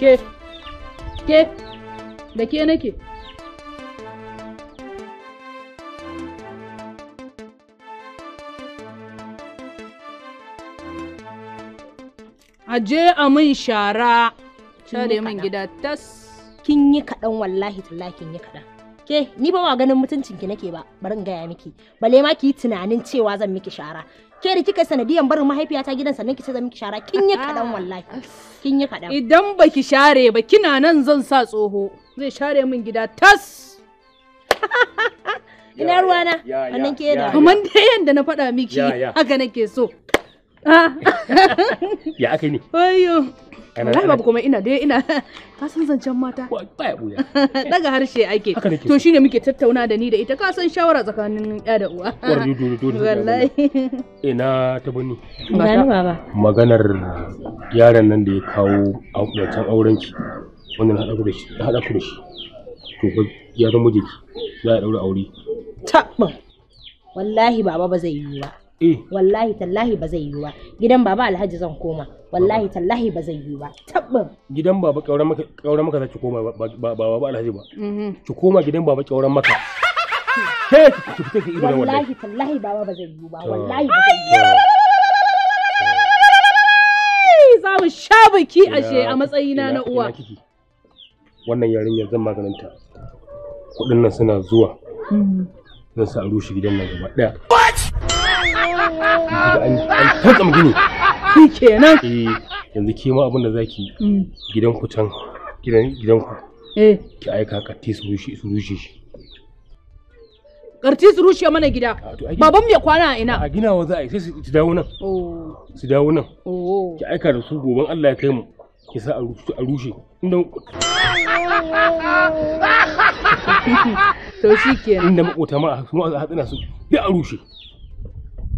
ke ke da ke nake aje a min shara share min gida tas kin yi kaɗan wallahi tallahi kin yi kaɗan ke ni ba wa ganin mutuncin ki nake ba bari in gaya miki bale ma ki tunanin cewa zan miki shara ke da kika sanadiyan barin mahaifiyata gidan sannan ki ce zan miki shara kin yi kadan ah. wallahi kin yi kadan idan baki share ba kina nan zan sa tsoho zai share min gida tas ina ruwana wannan ke da kuma dai yanda na faɗa miki haka nake so ah. ya aka ni ayyo wallahi babu komai ina dai ina ka san zancen mata baya buya daga harshe ake to shine muke tattauna da ni da ita ka san shawara tsakanin ya da uwa wallahi ina ta bani gani baba maganar yaron nan da ya kawo wancan auren ki wannan hada ku da shi hada ku da shi to ya zama jiki za a daura aure ta wallahi baba ba zai yi ba Eh. wallahi tallahi ba zai yi ba gidan baba alhaji zan koma wallahi tallahi ba zai yi ba tabbin gidan baba kauran maka kauran maka zaki koma ba ba baba alhaji ba mhm. ki koma gidan baba kauran maka wallahi tallahi baba ba zai yi ba wallahi za mu sha biki ashe a matsayina na uwa wannan yarinyar zan maganinta kudin nan suna zuwa mhm. zan sa a rushe gidan nan gaba daya an sarka gini shi kenan eh yanzu ke ma abin da zaki mm. gidan ku can gidan gidan ku eh ki aika karti su rushe su rushe shi karti su rushe mana gida baban mai kwana a ina a gina wa za a yi sai su dawo nan su dawo nan oh. oh. ki aika da su goban Allah ya kai mu ki sa a rushe inda to shi kenan inda makota ma a hatsina su duk a rushe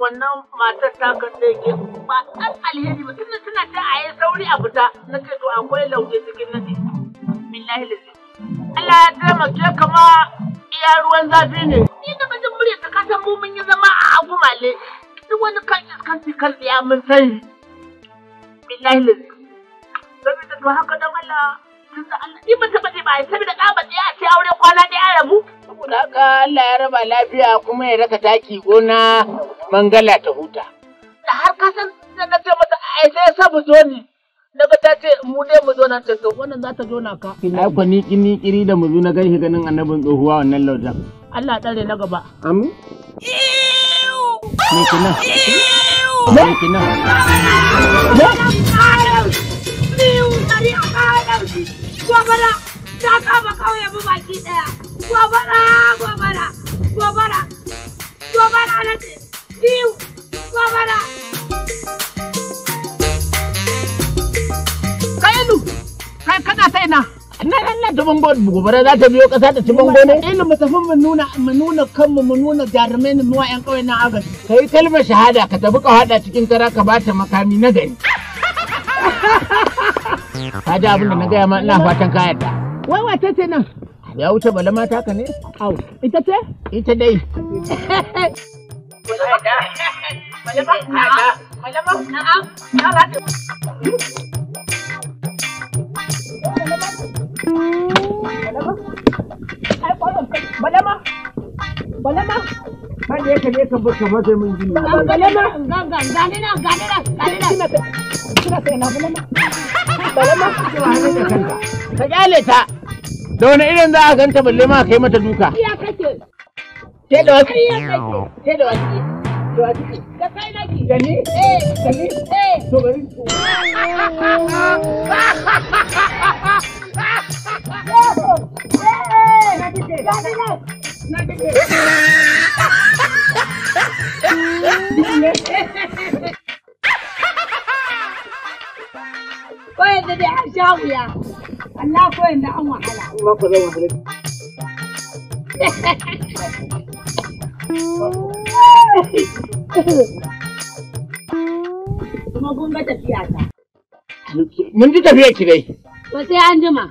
wannan matar ta kalle ke ba ɗan alheri ba tunda tana ta a yi sauri a fita na ce to akwai lauje cikin nadi billahi lazi Allah ya taimake kama iya ruwan zafi ne ni da mijin murya ta kasan mu mun yi zama a agumale duk wani kan iskanci kan ya mun sai billahi lazi Sabida to haka don Allah Ni ban taɓa ji ba ya saboda ƙaba ɗaya a ce aure kwana ɗaya rabu. Saboda haka Allah ya raba lafiya kuma ya raka taki gona mangala ta huta. Da har ka san da na ce mata ai sai sa mu zo ni. Na ga ta ce mu dai mu zo nan ce wannan za ta zo na ka. Ai ko ni kiri da mu zo na gaishe ganin annabin tsohuwa wannan laujan. Allah tsare na gaba. Amin. Me kina? Me kina? Me kina? biyu ɗari a kawo ɗauki gobara ta kama kawai mu baki ɗaya gobara gobara gobara gobara na ce, biyu gobara kayanu kai kana ta ina na ranar da bango gobara za ta biyo ƙasa ta ci bango ne ina mu tafi mu nuna mu nuna kanmu mu nuna jarumai mu wa yan kauye na agaji Ka yi kalmar shahada ka tafi ka hada cikin kara ka ba ta makami na gari Ka ji abin da na gaya ma ina fatan ka ta. Wai wace ce nan? Ya wuce bala mata ka ne? Au, ita ce? Ita dai. Balama, balama, balama, kan ne ka ne ka zai mun gini ga ga lama na! ga na! ni na ga ni na ga ni na kina sai na bulama bulama ka kyale ta da wani irin za a ganta balle ma kai mata duka iya kake sai da wasu sai da wasu da kai nake da ni eh da gani! eh gani bari Koyar da dai an Allah da an wahala. Kuma kun ga tafiya ta. Mun ji tafiya ki dai. To sai an jima.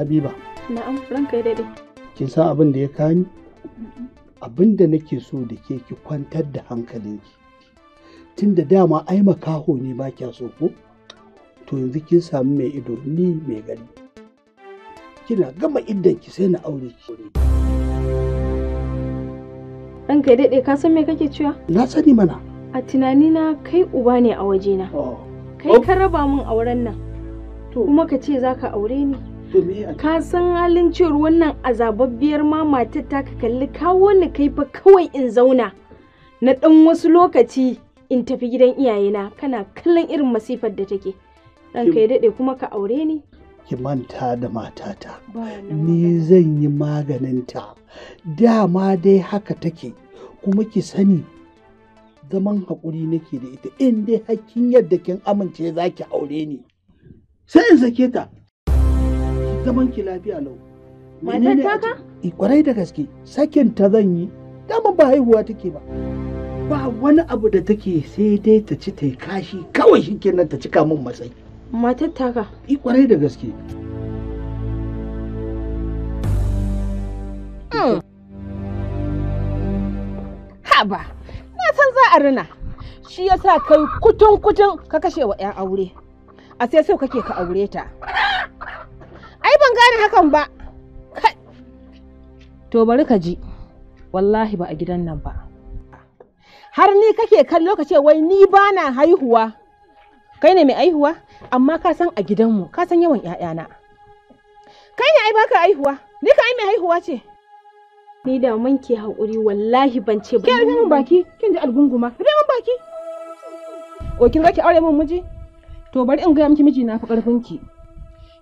Habiba. Na'am, ranka daidai. Kin san abin da ya kani? abin da nake so da ke ki kwantar da hankalinki tun da dama ai makaho ne ba kya so ko to yanzu kin samu mai ido ni mai gani kina gama ki sai na aure ki Dan kai daɗe ka san me kake cewa na sani mana a tunani na kai uba ne a wajena oh. kai ka raba mun auren nan kuma ka ce za aure ni ka san halin cewar wannan azababbiyar ma matar ta ka kalli kawo ni kai fa kawai in zauna na ɗan wasu lokaci in tafi gidan iyayena kana kallon irin masifar da take ranka ya daɗe kuma ka aure ni ki manta da matata ni zan yi maganinta dama dai haka take kuma ki sani zaman haƙuri nake da ita in dai hakkin yadda kin amince zaki ki aure ni sai in sake ta zaman ki lafiya lau. Matar taka? Eh, kwarai da gaske, sakin ta zan yi, dama ba haihuwa take ba. Ba wani abu da take sai dai ta ci ta kashi kawai shi kenan ta cika min matsayi. Matar taka? Eh, kwarai da gaske. Hmm. Haba, na san za a rina. Shi yasa kai kutun kutun ka kashe wa 'yan aure. A sai sau kake ka aure ta. gane hakan ba to bari ka ji wallahi ba a gidan nan ba har ni kake kan lokaci wai ni ba na haihuwa kai ne mai haihuwa amma ka san a gidanmu ka san yawan 'ya'yana kai ne ai baka haihuwa ni ka ai mai haihuwa ce ni da man ke haƙuri wallahi ban ce ba ke ji min baki kin ji algunguma rufe mun baki o kin ga ki aure mun miji to bari in ga miki miji na fi karfin ki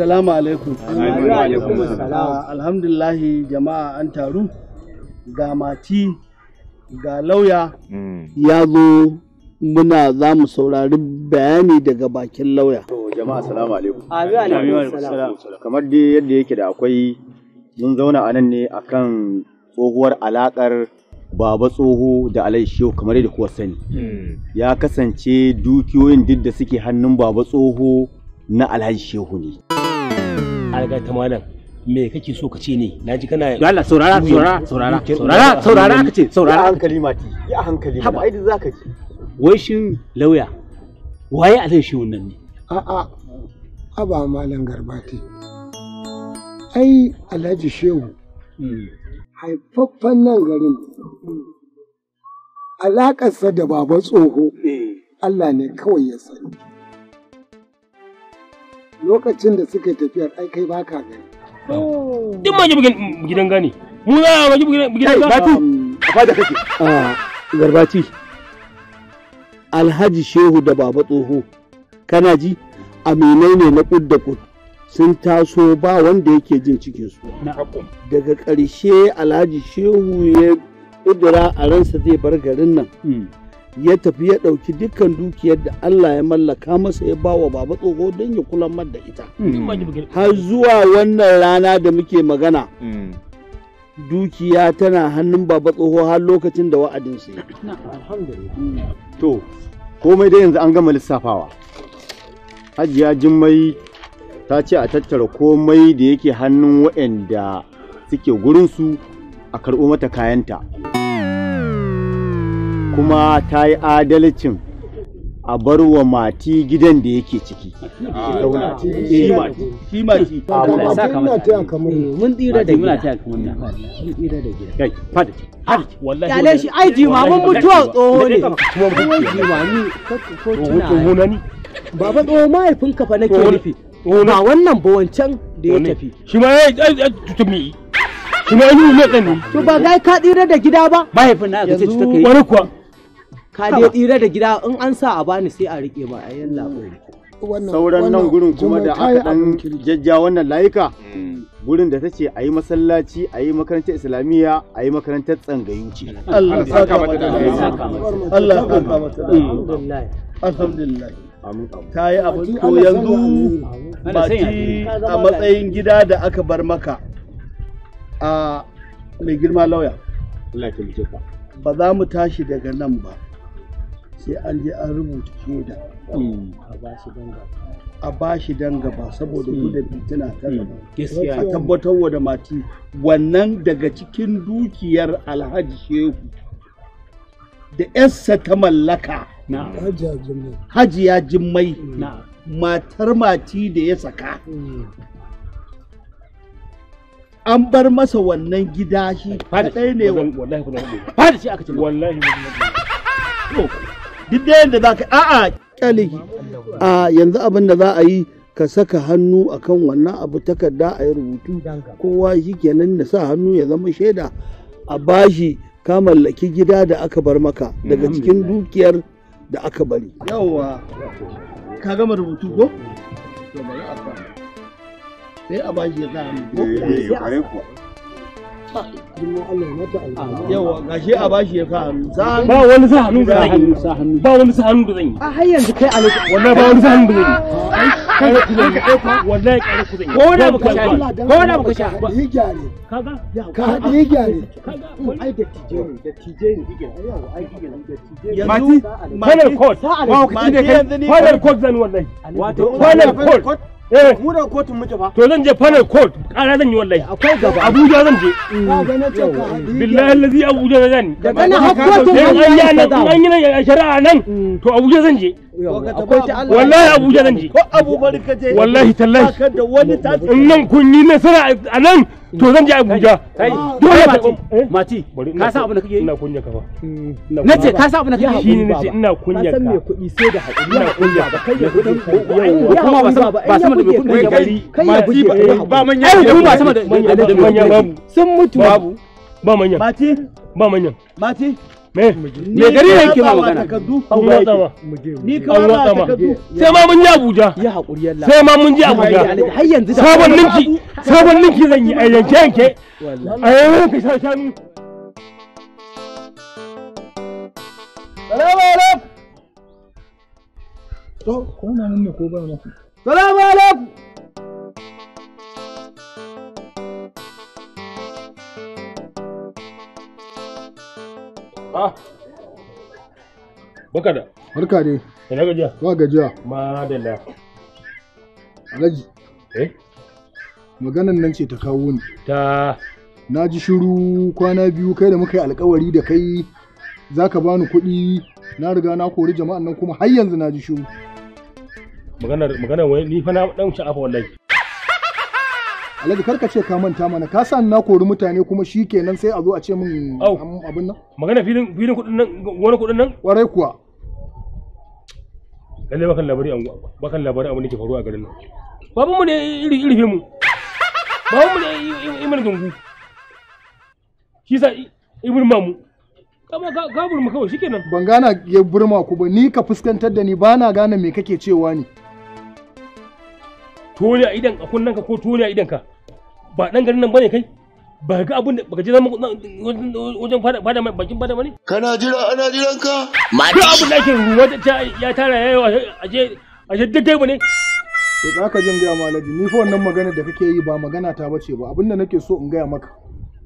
Assalamu alaikum. Ah, Alhamdulillahi jama'a an taru ga mati ga lauya hmm. ya zo muna za mu saurari bayani daga bakin lauya. Jama'a salamu alaikum. Kamar dai yadda yake da akwai mun zauna anan ne akan tsohuwar alaƙar baba tsoho da alai shehu kamar yadda kuwa sani hmm. ya kasance dukiyoyin duk da suke hannun baba tsoho na alhaji shehu ne. alga ta malam me kake so ka ce ne na ji kana Allah saurara saurara saurara saurara saurara ka ce saurara hankali mati ya hankali haba ai zaka ce wai shin lauya waye zai shi wannan ne a'a haba malam garbati ai alhaji shehu hmm. haifaffen nan garin alakarsa da baba tsoho eh. Allah ne kawai ya sani lokacin da suka tafiyar ai kai baka gani oh. Din ma mm, gidan gani. mu za a gidan gidan gane ba da kake ah, garbati alhaji shehu da baba tsoho kana ji aminai ne na kud da kud sun taso ba wanda yake jin su. daga ƙarshe alhaji shehu ya ƙudura a ransa zai bar garin nan hmm. ya tafi ya ɗauki dukkan dukiyar da Allah ya mallaka masa ya bawa baba tsoho don ya kula da ita hmm. har zuwa wannan rana da muke magana hmm. dukiya tana hannun baba tsoho har lokacin da wa'adin su hmm. to komai dai yanzu an gama lissafawa hajiya Jummai ta ce a tattara komai da yake hannun waɗanda suke gurinsu a karɓo mata kayanta. kuma ta yi adalcin a bar wa mati gidan da yake ciki. Ah, eh, shi mati. Mun tsira da gida. Mun tsira Ba wannan ba da ya tafi. Shi ma ya eh, eh, Shi ma ya yi mai To ba ka da gida ba. Mahaifin na ce ka yi. Wani kuwa. ka je tsira da gida in an sa a bani sai a rike ba a yan mm. labari sauran nan gurin kuma da aka dan jajja wannan layuka mm. gurin da ta ce a yi masallaci a yi makarantar islamiyya a yi makarantar tsangayu ce Allah saka mata Allah saka mata alhamdulillah alhamdulillah ta yi abu to yanzu baki a matsayin gida da aka bar maka a mai girma lauya ba za mu tashi daga nan ba sai an je an rubuta shaida a ba shi gaba saboda hmm. gudun fitina ta hmm. gaba a tabbatar wa da mati wannan daga cikin dukiyar alhaji shehu da yarsa ta mallaka hajiya jimmai matar mati da ya saka hmm. an bar masa wannan gida shi ne wallahi wallahi wallahi wallahi wallahi duk da yadda za ka a'a kyale a yanzu abin da za a yi ka saka hannu a kan wannan abu takarda a yi rubutu kowa shi kenan da sa hannu ya zama shaida a bashi ka mallaki gida da aka bar maka daga cikin dukiyar da aka bari yawwa ka gama rubutu ko sai a bashi ya sa hannu yawa gashi a bashi ya sa ba wani sa hannu da zan yi ba wani sa hannu da zan yi a har yanzu kai a wallahi ba wani sa hannu da zan yi wallahi kare ku zan yi ko da sha ko da sha yi gyare kaga ka haɗi yi gyare ai da tije ne da tije ne ai da tije mati zan wallahi Eh. mu da kotun muke ba. to zan je panel court kara zan yi wallahi akwai gaba abuja zan je billahi allazi abuja zan yi daga nan har kotun an yi nan shari'a nan mm. to abuja zan je akwai Allah wallahi Abuja nan je ka je wallahi tallahi wani in nan kun yi nasara a nan to zan je Abuja mati eh? ka san abin da kake yi ina kunya ka fa hmm. ka san abin da kake yi nace ina kunya ka san me kuɗi sai da ina kunya ka kai kuma ba sama ba sama da kuɗi ya mati ba manya ai ba sama da manya sun mutu babu ba manya mati ba manya mati me me gari ne magana ni ka sai ma mun Abuja ya hakuri Allah sai ma mun je Abuja har yanzu sabon ninki sabon ninki zan yi yanke Salamu alaikum. To, ko na nan ne ko ba na? Salamu alaikum. Ah. Baka da. Barka dai. Ina gajiya. Ba gajiya. Madalla. Alhaji. Eh? Maganan nan ce ta kawo ni. Ta. Na ji shiru kwana biyu kai da muka yi alkawari da kai za ka bani kuɗi na riga na kori jama'an nan kuma har yanzu na ji shiru. Maganar maganar wani ni fa na dan sha'afa wallahi. alhaji karka ce ka manta mana ka sa na kori mutane kuma shi kenan sai a zo a ce min abin nan magana filin filin kudin nan wani kudin nan warai kuwa lalle bakan labari an bakan labari abin da ke faruwa a garin nan babu mu ne iri iri mu babu mu ne imin gungu shi sa ibn mamu ka burma kawai shikenan ban gana ya burma ku ba ni ka fuskantar da ni ba na gane me kake cewa ne tore a idan a kunnen ka ko tore a idan ka ba dan garin nan bane kai ba ga abin da baka ji zama wajen fada fada mai bakin fada bane kana jira ana jiran ka ma duk abin da ake ruwa ya tara ya yi aje duk dai bane to za ka jin gaya malaji ni fa wannan magana da kake yi ba magana ta bace ba abinda nake so in gaya maka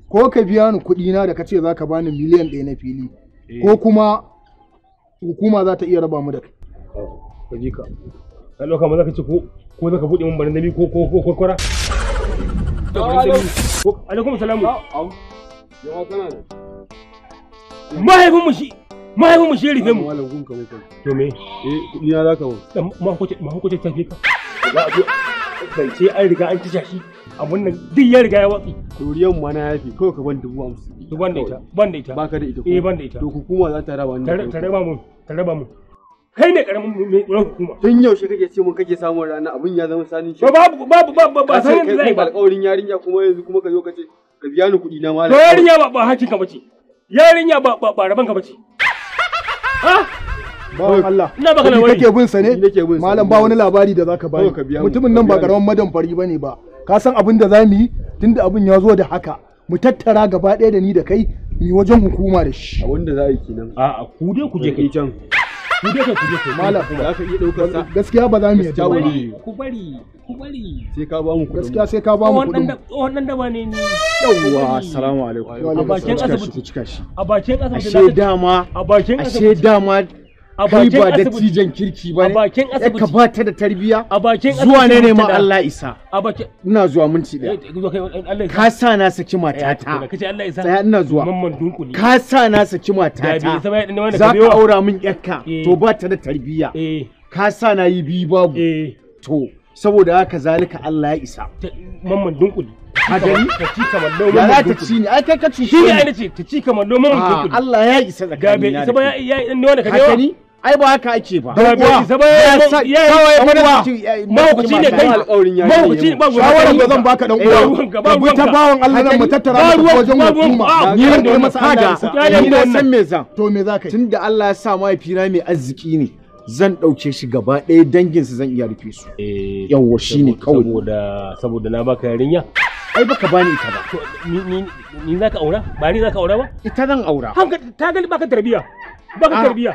ko ka biya ni kuɗi na da kace za ka bani miliyan 1 na fili eh. ko kuma hukuma za ta iya raba mu da kai ka ji ka ka lokaci ka ci ko ko zaka bude mun barin ko ko ko korkora alaikum salamu mahaifin mu shi mahaifin mu shi rufe mu malam gun to me eh kudi na zaka mu dan mahukuce mahukuce tafi ka bai ce an riga an tisha shi a wannan duk ya riga ya watsi turiyan ma na yafi kawai ka ban dubu hamsin to ban da ita ban da ita baka da ita eh ban da ita to hukuma za ta raba ni ta raba mu ta raba mu kai ne karamin mai tsoron hukuma tun yaushe kake ce mun kake samun rana abin ya zama sani shi. babu babu babu ba sai kai zai ba alƙawarin yarinya kuma yanzu kuma ka zo ka ce ka biya ni kuɗi na mallaka to yarinya ba ba hakin ka bace yarinya ba ba raban ka bace ha bawan Allah ina baka labari kake bin sa ne malam ba wani labari da zaka bani mutumin nan ba karaman madan fari bane ba ka san abin da zamu yi tunda abin ya zo da haka mu tattara gaba ɗaya da ni da kai mu wajen hukuma da shi abin da za a yi kenan a'a ku dai ku je kai can ku je ku je malam za ka iya daukar sa gaskiya ba za mu yadda ba ku bari ku bari sai ka ba mu kudin gaskiya sai ka ba mu ne assalamu alaikum a bakin asibiti a bakin asibiti ashe dama ashe dama a bakin ba dattijan kirki ba ne ya ka ba da tarbiya a bakin zuwa ne ne ma Allah isa a bakin ina zuwa minti da eh, ka sa na saki matata eh, kace Allah isa tsaya ina zuwa ka sa na saki matata za ka aura min yakka eh. to ba ta da tarbiya ka sa na yi bi babu to saboda haka zalika Allah ya isa mamman dunkuli a gani ta ci kamar noman ya ta ci ne ai kai ka ci shi ne ai nace ta ci kamar noman ah, dunkuli Allah ya isa tsakanin gabe isa ba ya yi ne wanda ka ga gani ai ba haka ake ba ba ba ya ba ya kawai ba mahaukaci ne kai alƙawarin mahaukaci ba guda shawaran da zan baka dan eh, uwa ba mu ta bawon Allah nan mu tattara mu wajen hukuma ni ne masa ada ni ne san me zan to me zaka tunda Allah ya sa mahaifina mai arziki ne zan ɗauke shi gaba ɗaya danginsa zan iya rufe su. Eh, Yawwa shi ne kawai. Saboda saboda na baka yarinya. Ai baka bani ita ba. Ni za ka aura? Ba ni za ka aura ba? Ita zan aura. Hanka ta gani baka tarbiya. Baka ah. tarbiya.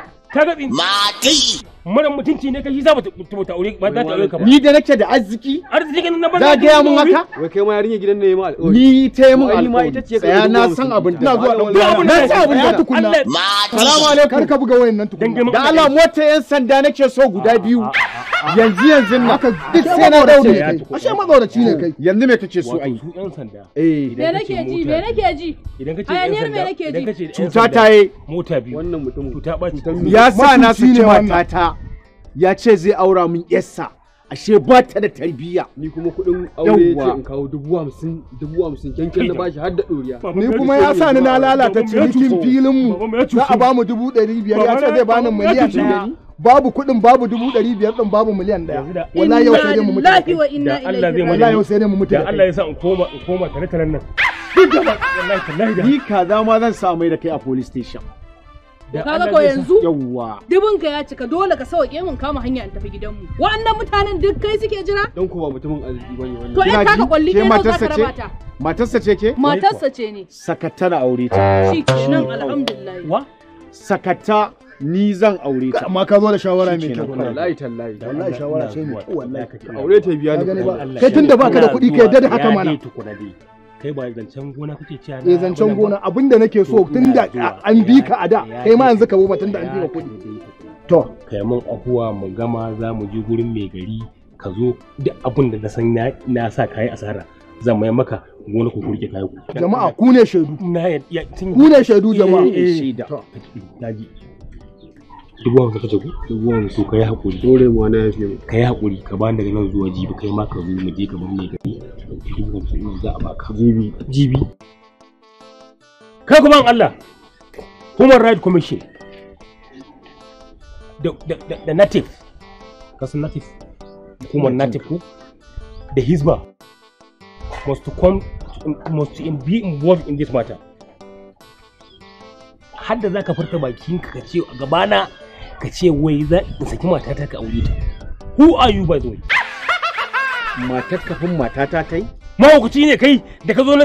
Mati! mara mutunci ne kai za mu ta aure ba za ta aure ka ba ni da nake da arziki arziki na ba za ga ya mun haka wai kai ma yarinya gidan ne ma alƙawari ni ta yi mun alƙawari tsaya na san abin da na san abin da tukunna assalamu alaikum kar ka buga wayan nan tukunna da Allah mota yan sanda nake so guda biyu yanzu yanzu na ka duk sai na daure kai ashe ma mazauraci ne kai yanzu me kace so ai yan sanda eh me nake ji me nake ji idan kace yan sanda idan kace cuta ta yi mota biyu wannan mutum cuta ba ya sa na su ce matata ya ce zai aura min yassa ashe ba ta da tarbiyya ni kuma kuɗin aure ce in kawo dubu hamsin dubu hamsin kyankyan na bashi har da ɗoriya ni kuma ya sa ni na lalata cinikin filin mu za a bamu dubu ɗari biyar ya ce zai bani miliyan ɗaya babu kuɗin babu dubu ɗari biyar ɗin babu miliyan ɗaya Wala yau sai ne mu mutu da Allah zai yau sai ne mu mutu da Allah ya sa in koma in koma tare tare nan duk da wallahi ni kaza ma zan samu da kai a police station kaga ko yanzu dubun ka ya cika dole ka sauke mun kama hanya in tafi gidanmu wa'annan mutanen duk kai suke jira don ko ba mutumin arziki bane wannan to in kaka kwalli ne za ka ta matarsa ce ke matarsa ce ne na aure ta shikenan alhamdulillah wa sakata ni zan aure ta amma ka zo da shawara mai kyau wallahi tallahi wallahi shawara ce mai kyau wallahi ka aure ta biya ni kai tunda baka da kuɗi ka yadda da haka mana kai ba zancen gona kake cewa na eh, zancen gona abinda nake so tun da an bi ka a da kai ma yanzu ka bo tun da an bi ka kudi. to kai mun afuwa mu gama za mu je gurin mai gari ka zo duk abin da na san na sa kai asara zan mai maka gona ku kurke kayan ku jama'a ku ne shaidu ku ne shaidu jama'a eh, eh, dubu hamsin kace ku dubu hamsin to kai hakuri dole mu wani yafi mu kai hakuri ka bani daga nan zuwa jibi kai ma ka zo mu je ka bar ni gari dubu hamsin za a baka jibi jibi kai kuma Allah Human Rights Commission da da da native kasan native hukumar native ko da Hizba must come must be involved in this matter hadda zaka furta bakinka ka ce a gabana ka ce wai za in saki matata ka aure ta who are you by the way matar kafin matata ta yi mahaukaci ne kai da ka zo na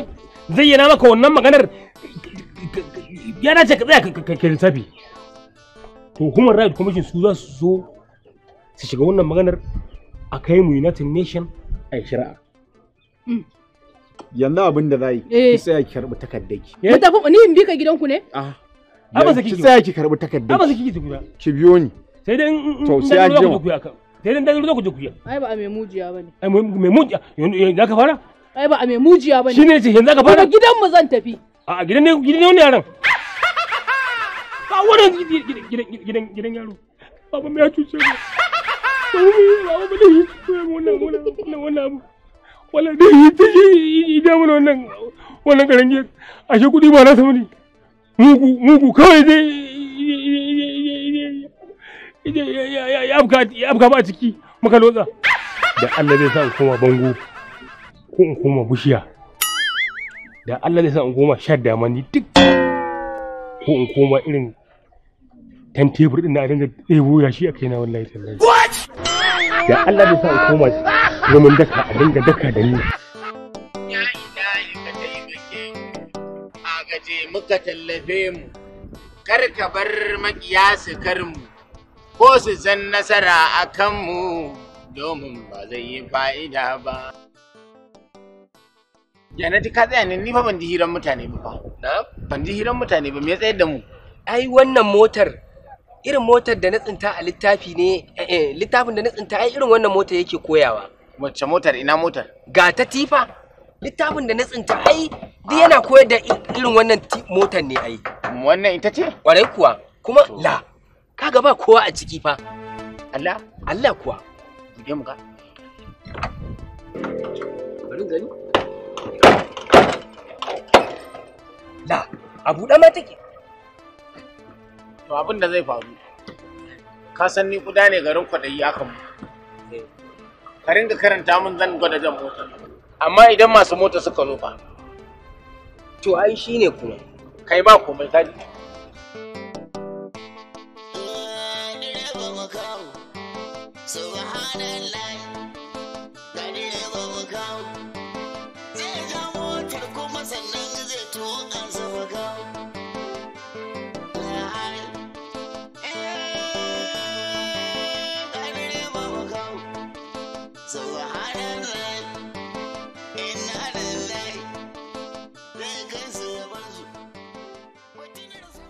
zayyana maka wannan maganar ya dace ka tsaya ka lissafi to human rights commission su za su zo su shiga wannan maganar a kai mu united nation a shari'a mm. yanzu abin da za yi eh. ki tsaya karɓi takardaki. Eh? ni in bi ka gidanku ne? Ah. Amma sai kike. Sai ki karbi takardar. Amma sai kike Ki biyo ni. Sai dai in to sai an je Sai dai dan zo ku je kuya. Ai ba a mai mujiya bane. Ai mai mujiya yanzu fara? Ai ba a mai mujiya bane. Shine ce yanzu ka fara? Daga gidan mu zan tafi. A gidan ne gidan ne yaron. gidan gidan gidan yaro. Baba wannan wannan wannan wannan wannan mugu mugu kawai dai ya abka ba a ciki muka lotsa da Allah zai sa in koma bango ko in koma bushiya da Allah zai sa in koma shar damani duk ko in koma irin tan tebur din na a dinga ɗebo yashi a kaina wallahi tallahi da Allah zai sa in koma zaman daka a dinga daka da ni muka tallafe mu kar ka bar makiya su karmu ko su san nasara a kanmu domin ba zai yi fa'ida ba janati ka tsaya ne ni fa ban ji hiran mutane ba na ban ji hiran mutane ba me ya tsayar da mu ai wannan motar irin motar da na tsinta a littafi ne eh, eh, littafin da na tsinta ai irin wannan motar yake koyawa wacce motar ina motar ga ta tifa littafin da na tsinta ai duk yana koyar da irin wannan motar ne ai wannan ita ce kwarai kuwa kuma la kaga ba kowa a ciki fa Allah Allah kuwa je mu ga bari gani la a buɗe ma take to abin da zai faru ka san ni kuda ne garin kwaɗayi akan mu ka ringa karanta mun zan gwada jan motar amma idan masu mota suka rufa, to ai shine kuma kai ba komai kaji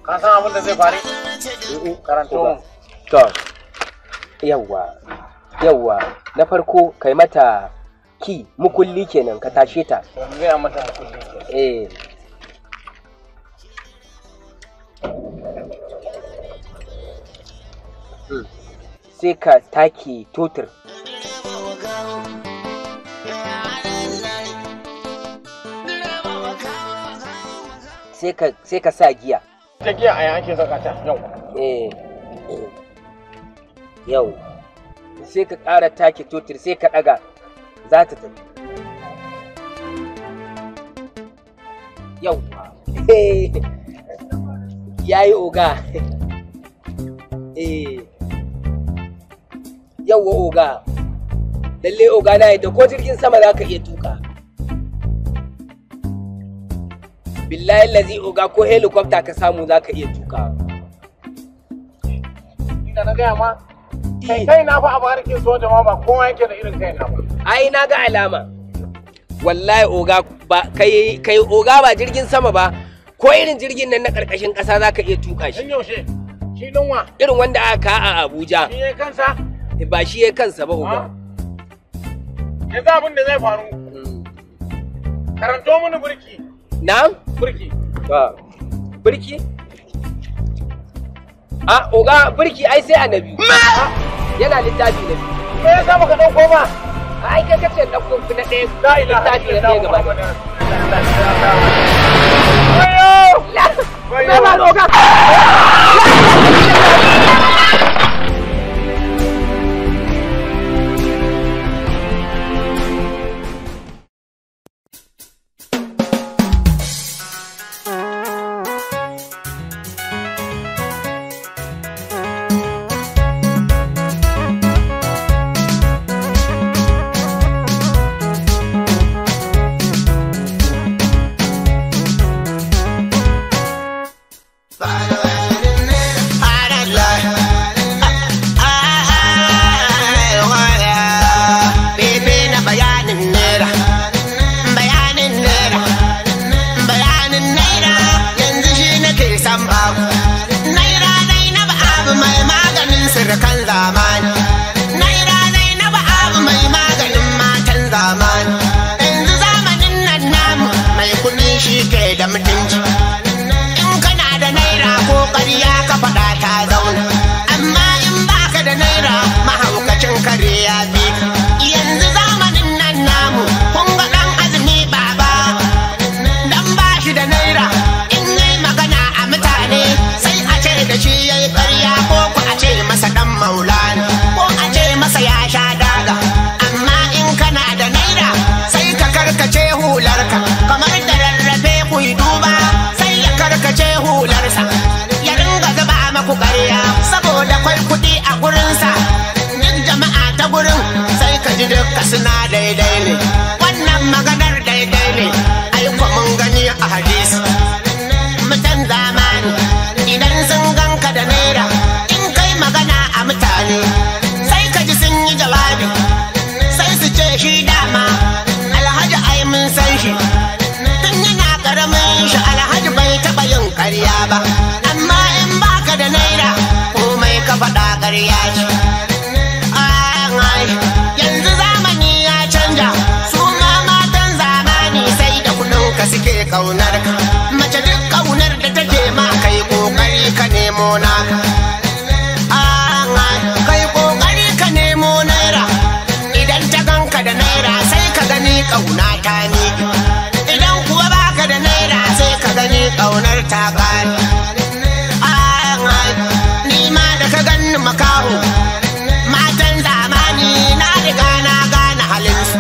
ka san abin da na farko kai mata ki mukulli kenan ka tashe ta mata mukulli eh hmm. sai ka take totir sai ka sa giya ta giya a yankin ta yau eh yau sai ka ƙara take totir sai ka ɗaga za ta tafi yau ya yi oga eh. Yau wa oga lalle oga na da ko jirgin sama za ka iya tuka billahi lazi oga ko helikwafta ka samu za ka iya tuka ina na gaya ma eh. kai na fa abu harkin soja ma ba kowa yake da irin kai na ba ai na ga alama wallahi oga ba kai kai oga ba jirgin sama ba ko irin jirgin nan na karkashin kasa za ka iya tuka shi yaushe shi dinwa irin wanda aka ka a Abuja shi ya kansa eh, ba shi ya kansa ba oga ah. yanzu abin da zai faru hmm. karanto mini burki na'am Birki. Ba. Birki? A oga birki ai sai annabi. Yana littafi na biyu. Me yasa a dauko ba? Ai kai kace na ko na ɗaya. La ilaha illallah Muhammadur Rasulullah. Wayo! Na ba oga. like I don't tonight. ni makaho matan zamani na riga na gane halinsu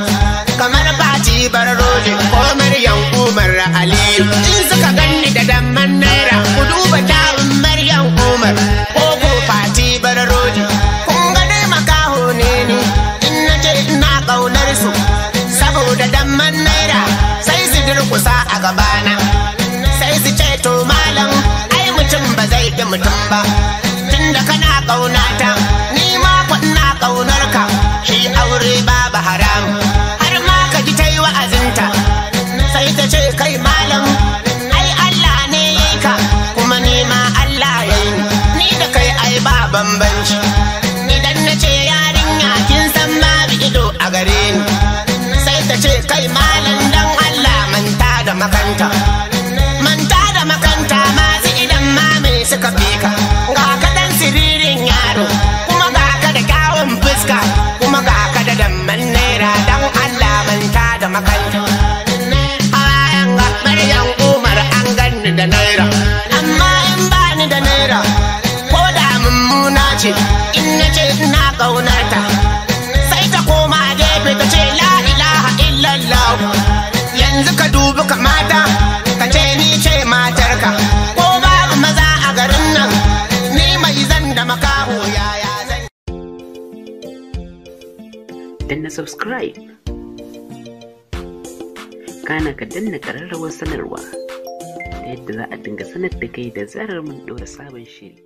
kamar bar barroje ko maryam umar aliyu in suka ganni da damman naira ku duba kyawun maryam umar ko ko fati rodi kun ga dai makaho ne ni in na ce ina kaunar su saboda damman naira sai su durkusa a na sai su ce to malam ai mutum ba zai bi mutum ba tun da kana ƙaunata ni ma kwanna ƙaunar ka shi aure babu haram har ma ka ji ta yi wa'azinta sai ta ce kai malam ai Allah ne yi ka kuma ni ma Allah ya yi ni da kai ai ba bambanci idan na ce yarinya kin san ma ido a gare ni sai ta ce kai malam dan Allah manta da makanta sanar da kai da zarar mun ɗora sabon shiri.